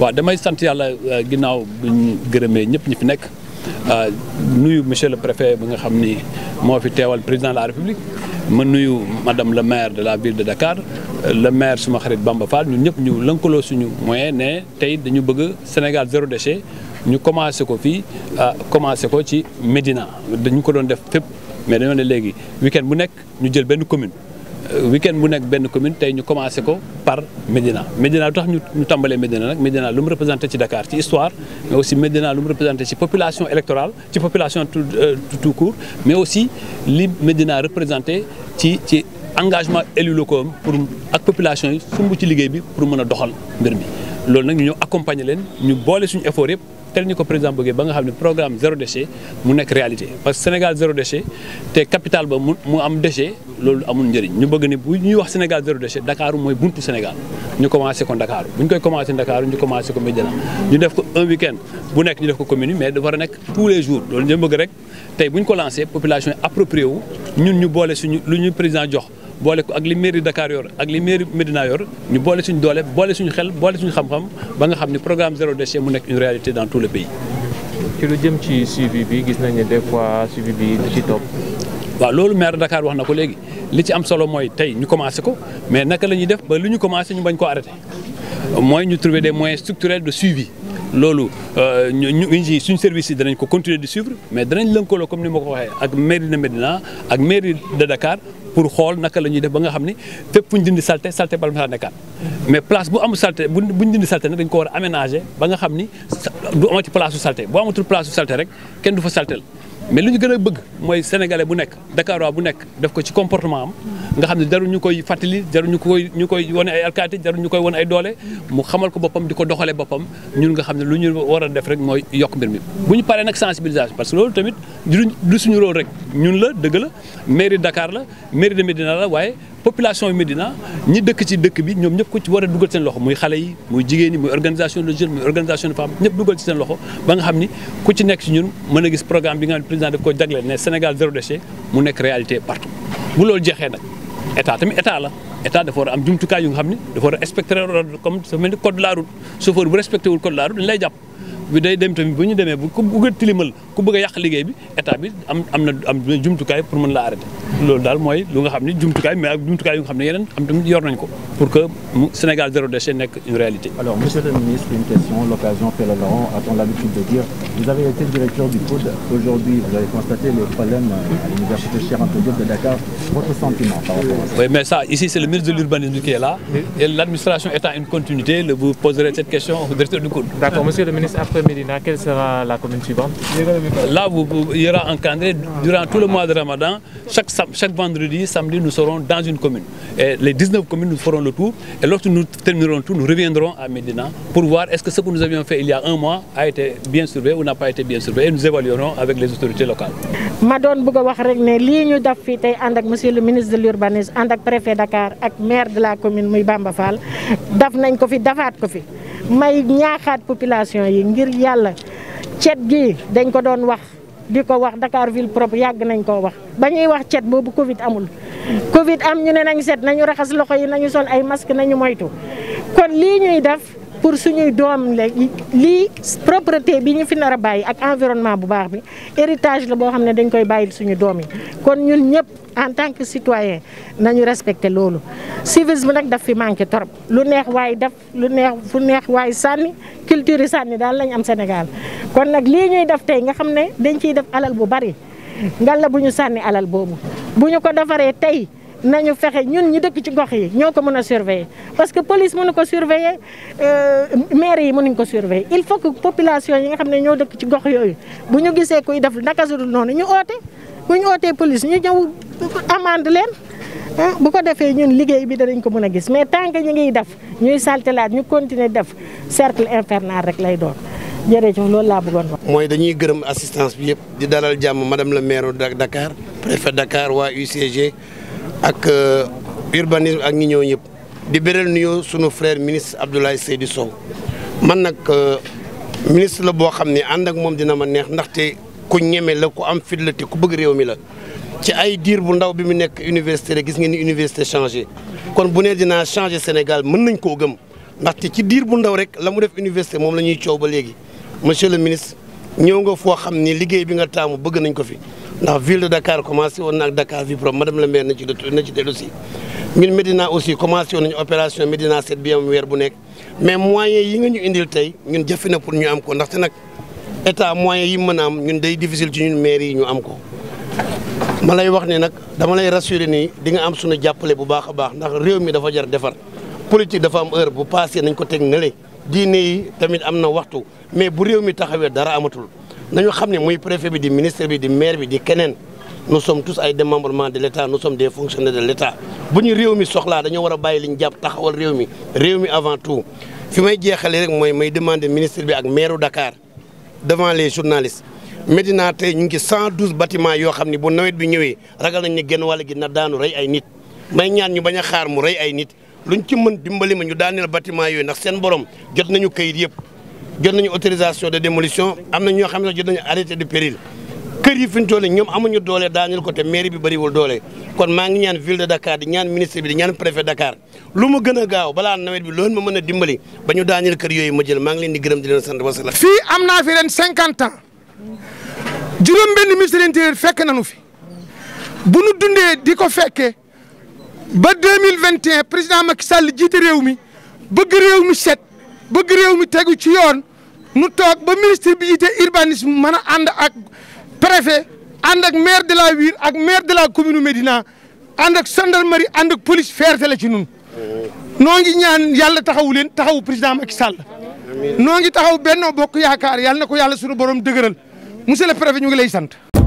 waaw damay sant yàlla euh, ginnaaw bi ñu gërëmee ñëpp ñi fi nekk euh, nuyu monsieur le préfet bi nga xam ni moo fi teewal président de la république ma nuyu madame le maire de la ville de Dakar le maire suma xarit Bamba Fall ñun ñëpp ñu lënkaloo suñu moyen ne tey dañu bëgg Sénégal zéro déchet ñu commencé ko fii euh, commencé ko ci Médina dañu ko doon def fépp mais dañoo ne léegi week-end bu nekk ñu jël benn commune weekend bu nekk benn commune tey ñu commencé ko par Médina Médina lu tax ñu tàmbalee Médina nag Médina lu mu représenté ci Dakar ci histoire mais aussi Médina lu mu représenté ci population électorale ci population tout euh, tout court mais aussi li Médina représenté ci ci engagement élus locaux pour ak population yi sumb ci liggéey bi pour mën a doxal mbir mi loolu nag ñu ñëw accompagner leen ñu boole suñu effort yëpp. te ni ko président bëggee ba nga xam ne programme zéro déchet mu nekk réalité parce que Sénégal zéro déchet te capital ba mu mu am déchet loolu amul njariñ ñu bëgg ne bu ñuy wax Sénégal zéro déchet Dakar mooy buntu Sénégal ñu commencé ko Dakar bu ñu koy commencé Dakar ñu commencé ko Médina ñu def ko un week-end bu nekk ñu def ko commune mais dafa war a nekk tous les jours loolu ñu bëgg rek tey bu ñu ko lancé population yi ñun ñu boole suñu lu ñu président jox. boole ko ak li mairie Dakar yor ak li mairie Médina yor ñu boole suñu doole boole suñu xel boole suñu xam-xam ba nga xam ni programme zéro déchet mu nekk une réalité dans tout le pays. ci lu jëm ci suivi bi gis nañ ne des fois suivi bi du ci waaw loolu maire Dakar wax na ko léegi li ci am solo mooy tey ñu commencé ko mais naka la ñuy def ba lu ñu commencé ñu bañ ko arrêté mooy ñu trouver des moyens structurels de suivi. loolu euh, ñu ngi suñu service yi danañ ko continuer di suivre mais danañ lënkaloo comme ni ma ko waxee ak mairie de Médina ak mairie de Dakar pour xool naka la ñuy def ba nga xam ne fépp fu ñu dindi salte salte bala ma saa mais place bu am salte bu bu ñu dindi salte nag dañu ko war a ba nga xam ni du amati place su salte boo amatul place su salte rek kenn du fa saltel mais li ñu gën a bëgg mooy sénégalais bu nekk dakarois bu nekk def ko ci comportement am nga xam ne jarul ñu koy fàttali jarul ñu koy ñu koy wane ay alkaati jarul ñu koy wane ay doole mu xamal ko boppam di ko doxalee boppam ñun nga xam ne lu ñu war def rek mooy yokk mbir mi bu ñu paree nag sensibilisation parce que loolu tamit du suñu rôle rek ñun la dëgg la mairie dakaar la mairie de Médina la waaye population yu Médina ñi dëkk ci dëkk bi ñoom ñëpp ku ci war a dugal seen loxo muy xale yi muy jigéen yi muy organisation de jeunes muy organisation de femmes ñëpp dugal ci seen loxo ba nga xam ni ku ci nekk ci ñun mën a gis programme xam ne daf ko jagleel ne mu nekk réalité partout bu loolu jeexee nag état tamit état la état dafa war a am jumtukaay yu nga xam ni dafa war a respecter comme dafa mel lay jàpp bi day dem tamit bu a tilimal ku bëgg a yàq liggéey bi état bi am na jumtukaay pour mën laa arrêté. loolu daal mooy lu nga xam ne jumtukaay mais jumtukaay yu nga xam ne yeneen ko pour que Sénégal zéro déchet nekk une réalité. monsieur le ministre une question l'occasion fait le a t l'habitude de directeur du COUD aujourd'hui vous avez constaté les problèmes euh, à l'université Cheikh Anta Diop de Dakar votre sentiment par rapport de Médina, quelle sera la commune suivante Là, vous, Chaque, vendredi, samedi, nous serons dans une commune. Et les 19 communes, nous ferons le tour. Et lorsque nous terminerons tout, nous reviendrons à Médina pour voir est-ce que nous avions fait il y a un mois a été bien surveillé ou n'a pas été bien surveillé. Et nous évaluerons avec les autorités locales. Madone Bougawak Regne, ligne d'affiche, avec monsieur le ministre de l'Urbanisme, avec le préfet Dakar, avec maire de la commune, Mouy Bamba may ñaaxaat population yi ngir yàlla cet gi dañ ko doon wax di ko wax Dakar ville propre yàgg nañ koo wax ba ñuy wax cet boobu Covid amul. Covid am ñu ne nañ set nañu raxas loxo yi nañu sol ay masque nañu moytu kon lii ñuy def. pour suñuy doom léegi lii propreté bi ñu fi nar a bàyyi ak environnement bu baax bi héritage la boo xam ne dañ koy bàyyil suñu doom yi kon ñun ñëpp en tant que citoyen nañu respecter loolu civisme nag daf fi manqué torop lu neex waay daf lu neex fu neex waay sànni culture yi sànni daal lañ am Sénégal kon nag lii ñuy def tey nga xam ne dañ ciy def alal bu bari ngal la bu ñu sànni alal boobu bu ñu ko defaree tey nañu fexe ñun ñu dëkk ci gox yi ñoo ko mën a surveiller parce que police mënu ko surveiller euh, maire yi mënuñ ko surveiller il faut que population yi nga xam ne ñoo dëkk ci gox yooyu bu ñu gisee kuy def naka su dul noonu ñu oote bu ñu ootee police ñu ñëw amande leen bu ko defee ñun liggéey bi danañ ko mën a gis mais tant que ñu ngiy def ñuy saltelaat ñu continuer def cercle infernal rek lay doon jërëjëf loolu laa bëggoon wax. mooy dañuy gërëm assistance yëpp di dalal jàmm madame le maire Dakar préfet Dakar waa UCG. ak euh, urbanisme ak ñi ñëw ñëpp di beral nuyoo sunu frère ministre Abdoulaye Seydou Sow man nag euh, ministre la boo xam ne ànd ak moom dina man neex ndaxte ku ñeme la ku am fit la te ku bëgg réew mi la. ci ay diir bu ndaw bi mu nekk université rek gis ngeen ni université changé kon bu nee dinaa changé Sénégal mën nañ koo gëm ndaxte ci diir bu ndaw rek la mu def université moom la ñuy coow ba léegi monsieur le ministre ñëw nga foo xam ni liggéey bi nga taamu bëgg nañ ko fi. ndax ville de Dakar commencé woon na ak Dakar Viprom madame la maire na ci na ci dellu si ñun Médina aussi commencé woon nañu opération Médina set bi am weer bu nekk mais moyens yi nga ñu indil tey ñun jafe na pour ñu am ko ndaxte nag état moyens yi mën a am ñun day difficile ci ñun maire yi ñu am ko. ma lay wax ni nag dama lay rassurer nii di nga am suñu jàppale bu baax a baax ndax réew mi dafa jar defar politique dafa am heure bu paase nañ ko teg ne le diine tamit am na waxtu mais bu réew mi taxawee dara amatul. nañu xam ne muy préfet bi di ministre bi di maire bi di keneen nous sommes tous ay démembrements de l' état nous sommes des fonctionnaires de l' bu ñu réew mi soxla dañoo war a bàyyi li ñu jàpp taxawal réew mi réew mi avant tout fi may jeexalee rek mooy may demander ministre bi ak maire Dakar devant les journalistes Médina tey ñu ngi ci 112 batiment yoo xam ne bu nawet bi ñëwee ragal nañ ne genn wàll gi na daanu rey ay nit may ñaan ñu bañ a xaar mu rey ay nit luñ ci mën dimbali ma ñu daaneel yooyu ndax seen borom jot nañu kayit yëpp. jot nañu autorisation de démolition am na ñoo xam ne jot nañu arrêté de péril kër yi fi ñu toll ñoom amuñu doole daaneel ko te mairie bi bëriwul doole kon maa ngi ñaan ville de Dakar di ñaan ministre bi di ñaan préfet Dakar lu mu gën a gaaw balaa nawet bi loolu ma mën a dimbali ba ñu daaneel kër yooyu ma jël maa ngi leen di gërëm di leen sant wasalaam. fii am naa fi ren cinquante ans juróom benn ministre de l'intérieur fekk nañu fi bu nu dundee di ko fekke ba deux mille vingt président Macky Sall jiite réew mi bëgg réew mi set bëgg réew mi tegu ci yoon. nu toog ba ministre bi yite urbanisme mën a ànd ak préfet ànd ak maire de la ville ak maire de la commune Médina ànd ak mari ànd ak police fierté la ci nun noo ngi ñaan yàlla taxawu leen taxawu président Macky Sall noo ngi taxaw Benno Bokk Yaakaar yàlla na ko yàlla sunu borom dëgëral monsieur le préfet ñu ngi lay sant